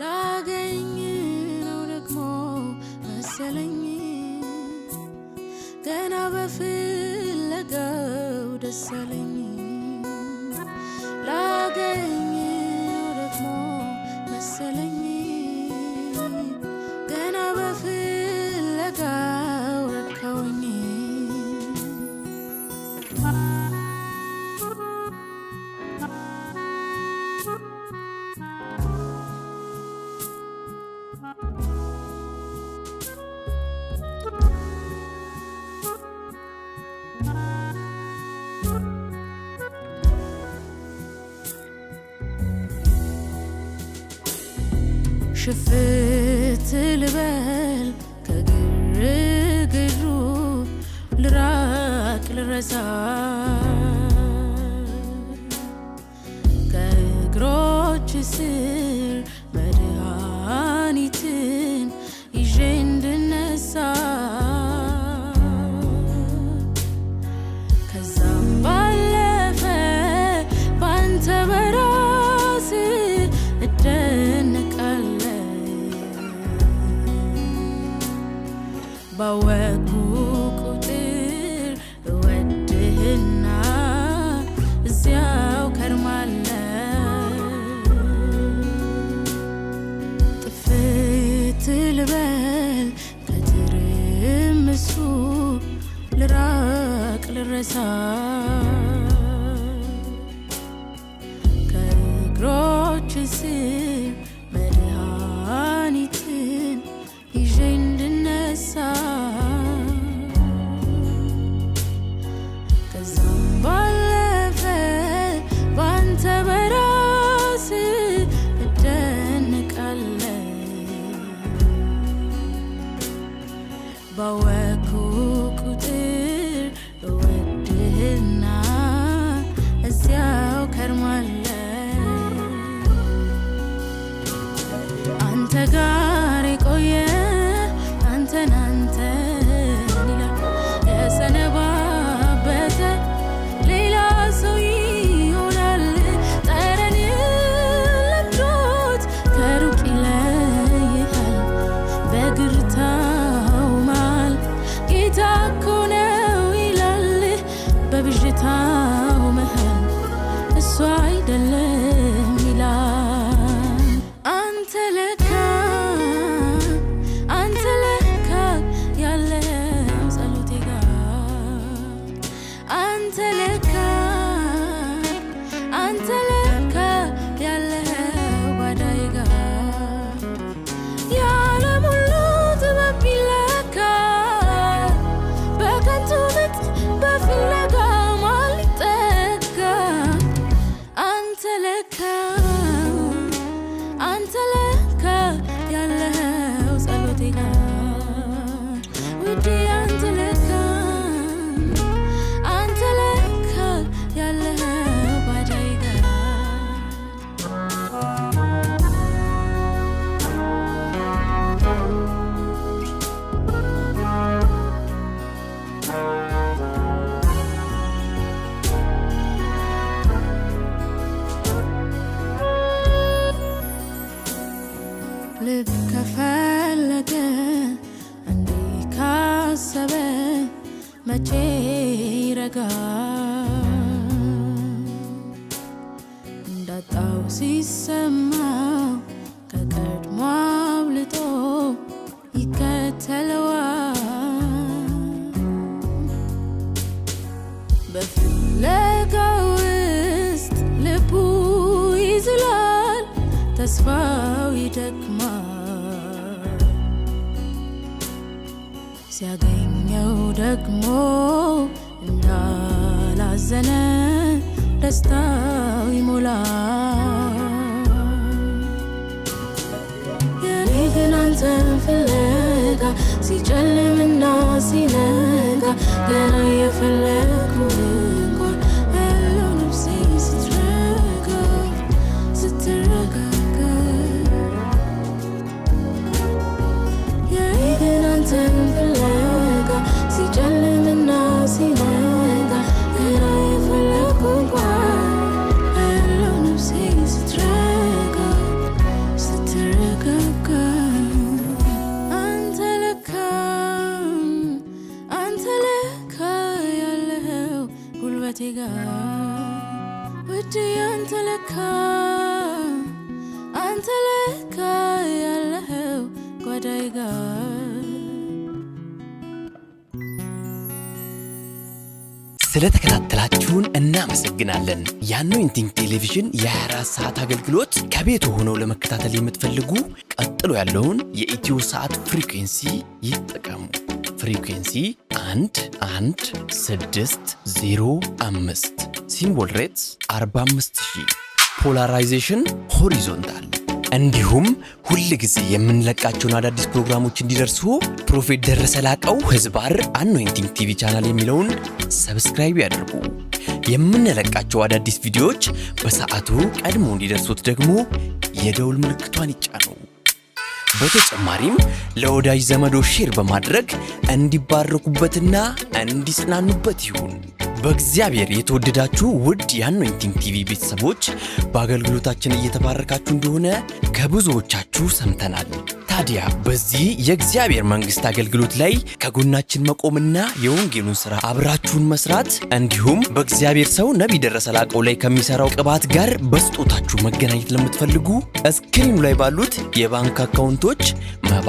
ላገኝ ነው ደግሞ መሰለኝ ገና በፍለጋው ደስ አለኝ። ሽፍት ልበል ከግርግሩ ልራቅ ልረሳ ከእግሮች ስ ባወቁ ቁጥር እወድህና እዚያው ከርማለ ጥፍት ልበል ከትርምሱ ልራቅ ልረሳ ከእግሮች ስ bawek እንዳጣው ሲሰማው ከቀድሞ አብልጦ ይከተለዋል በፍለጋ ውስጥ ልቡ ይዝላል፣ ተስፋው ይደክማል። ሲያገኘው ደግሞ ያዘነ ደስታው ይሞላል። የኔ ግን አንተን ፍለጋ ሲጨልምና ሲነጋ ገና አንተ ለካ አንተ ለካ ያለኸው ጓዳይ ጋር ስለተከታተላችሁን እናመሰግናለን። የአኖይንቲንግ ቴሌቪዥን የ24 ሰዓት አገልግሎት ከቤት ሆነው ለመከታተል የምትፈልጉ ቀጥሎ ያለውን የኢትዮ ሰዓት ፍሪኩንሲ ይጠቀሙ። ፍሪኩንሲ 1 1 6 05 ሲምቦል ሬትስ 45000 ፖላራይዜሽን ሆሪዞንታል እንዲሁም ሁል ጊዜ የምንለቃቸውን አዳዲስ ፕሮግራሞች እንዲደርሱ ፕሮፌት ደረሰ ላቀው ህዝባር አኖይንቲንግ ቲቪ ቻናል የሚለውን ሰብስክራይብ ያድርጉ። የምንለቃቸው አዳዲስ ቪዲዮዎች በሰዓቱ ቀድሞ እንዲደርሱት ደግሞ የደውል ምልክቷን ይጫኑ። በተጨማሪም ለወዳጅ ዘመዶ ሼር በማድረግ እንዲባረኩበትና እንዲጽናኑበት ይሁን። በእግዚአብሔር የተወደዳችሁ ውድ የአኖይንቲንግ ቲቪ ቤተሰቦች በአገልግሎታችን እየተባረካችሁ እንደሆነ ከብዙዎቻችሁ ሰምተናል። ታዲያ በዚህ የእግዚአብሔር መንግስት አገልግሎት ላይ ከጎናችን መቆምና የወንጌሉን ስራ አብራችሁን መስራት እንዲሁም በእግዚአብሔር ሰው ነቢይ ደረሰ ላቀው ላይ ከሚሰራው ቅባት ጋር በስጦታችሁ መገናኘት ለምትፈልጉ እስክሪኑ ላይ ባሉት የባንክ አካውንቶች መባ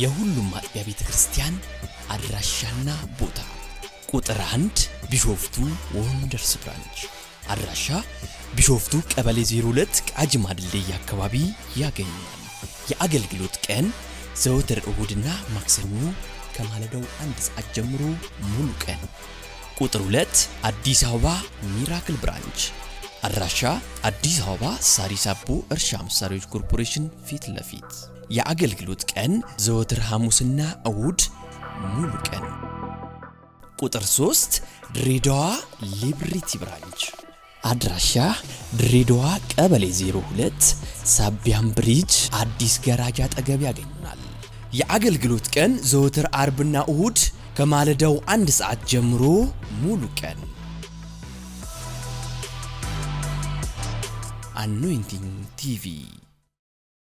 የሁሉም አጥቢያ ቤተ ክርስቲያን አድራሻና ቦታ ቁጥር አንድ ቢሾፍቱ ወንደርስ ብራንች አድራሻ ቢሾፍቱ ቀበሌ 02 ቃጅ ድልድይ አካባቢ ያገኛል። የአገልግሎት ቀን ዘወትር እሁድና ማክሰኞ ከማለዳው አንድ ሰዓት ጀምሮ ሙሉ ቀን። ቁጥር 2 አዲስ አበባ ሚራክል ብራንች አድራሻ አዲስ አበባ ሳሪስ አቦ እርሻ መሳሪያዎች ኮርፖሬሽን ፊት ለፊት። የአገልግሎት ቀን ዘወትር ሐሙስና እሁድ ሙሉ ቀን። ቁጥር 3 ድሬዳዋ ሊብሪቲ ብራንች አድራሻ ድሬዳዋ ቀበሌ 02 ሳቢያም ብሪጅ አዲስ ገራጃ አጠገብ ያገኙናል። የአገልግሎት ቀን ዘወትር አርብና እሁድ ከማለዳው አንድ ሰዓት ጀምሮ ሙሉ ቀን Anointing TV